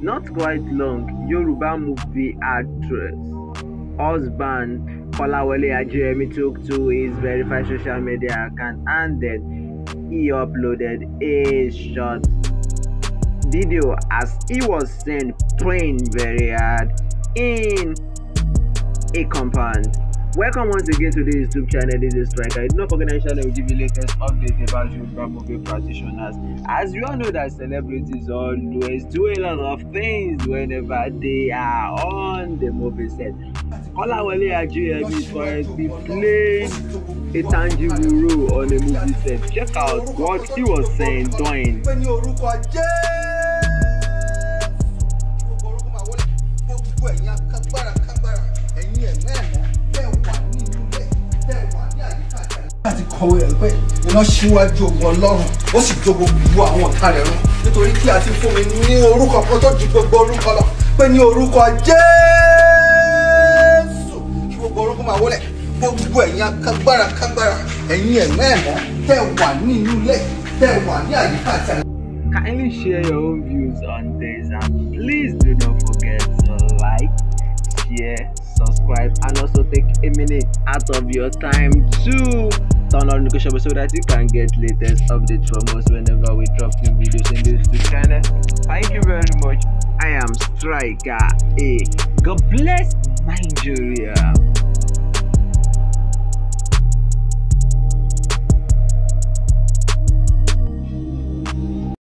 Not quite long, Yoruba movie actress, husband Kolawole Ajuremi took to his verified social media account and then he uploaded a short video as he was seen praying very hard in a compound. Welcome once again to the YouTube channel. This is Striker. It's not organization that will give you latest updates about you from movie practitioners. As you all know that celebrities always do a lot of things whenever they are on the movie set. Kolawole Ajayi is currently playing a tangible role on the movie set. Check out what he was saying, doing. láti kọ̀wé rẹ̀ iná ṣíwájú ogun ọlọ́run ó sì jó gbogbo àwọn ọ̀tá rẹ̀ run nítorí kí a ti fún mi ní orúkọ kan tó ju gbogbo orúkọ lọ pé ní orúkọ jésù kí gbogbo orúkọ máa wọlẹ̀ gbogbo ẹ̀yin akágbára kágbára ẹ̀yin ẹ̀mọ́ ẹ̀mọ́ tẹ̀ wà ní inú ilé tẹ̀ wà ní àyíká àti àyíká. Kindly share your own views on this and please do not forget to like, share, subscribe and also take a minute out of your time to turn on the bell so that you can get latest updates from us whenever we drop new videos in this channel. Thank you very much. I am Striker A. God bless Nigeria.